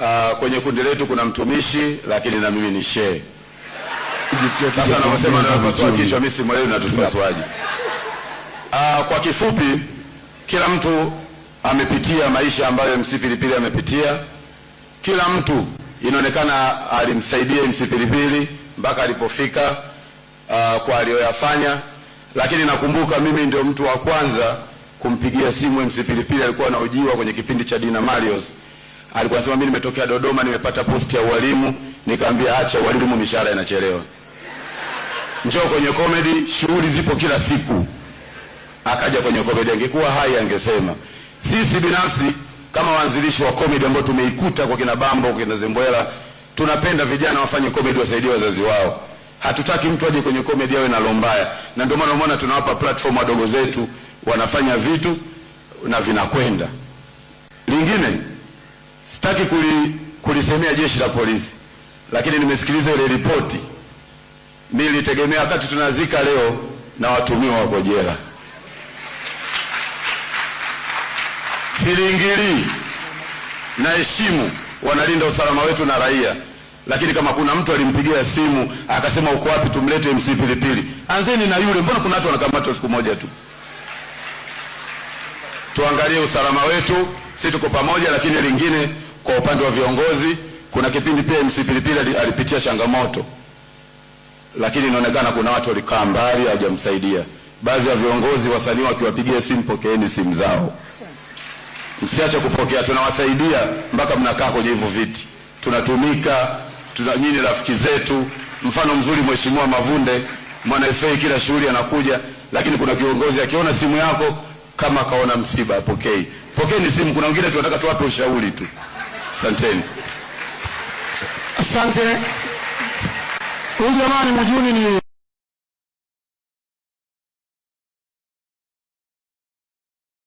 uh, kwenye kundi letu kuna mtumishi lakini na mimi ni shehe. Sasa anavyosema napasua kichwa, mimi simwelewi natupasuaji. Uh, kwa kifupi, kila mtu amepitia maisha ambayo MC Pilipili amepitia. Kila mtu inaonekana alimsaidia MC Pilipili mpaka alipofika uh, kwa aliyoyafanya, lakini nakumbuka mimi ndio mtu wa kwanza kumpigia simu MC Pilipili, alikuwa anaojiwa kwenye kipindi cha Dina Marios alikuwa anasema mimi nimetokea Dodoma, nimepata posti ya walimu. Nikamwambia acha walimu, mishahara inachelewa, njoo kwenye comedy, shughuli zipo kila siku. Akaja kwenye comedy, angekuwa hai angesema sisi binafsi kama waanzilishi wa comedy ambao tumeikuta kwa kina Bambo, kwa kina Zembwela, tunapenda vijana wafanye comedy, wasaidie wazazi wao. Hatutaki mtu aje kwenye comedy awe na lombaya, na ndio maana umeona tunawapa platform wadogo zetu, wanafanya vitu na vinakwenda lingine sitaki kulisemea jeshi la polisi, lakini nimesikiliza ile ripoti. Nilitegemea wakati tunazika leo na watumiwa wako jela. Siliingilii na heshimu, wanalinda usalama wetu na raia, lakini kama kuna mtu alimpigia simu akasema uko wapi, tumlete MC Pilipili, anzeni na yule. Mbona kuna watu wanakamata siku moja tu? tuangalie usalama wetu, si tuko pamoja. Lakini lingine kwa upande wa viongozi, kuna kipindi pia MC Pilipili alipitia changamoto, lakini inaonekana kuna watu walikaa mbali, hawajamsaidia. Baadhi ya viongozi, wasanii wakiwapigia simu, pokeeni simu zao, msiache kupokea. Tunawasaidia mpaka mnakaa kwenye hivyo viti, tunatumika tuna nyinyi rafiki zetu. Mfano mzuri Mheshimiwa Mavunde, mwana FA, kila shughuli anakuja, lakini kuna kiongozi akiona simu yako kama akaona msiba apokei, ni simu. Kuna wengine tunataka tuwape ushauri tu. Asanteni, asante. Huyu jamani, mjuni ni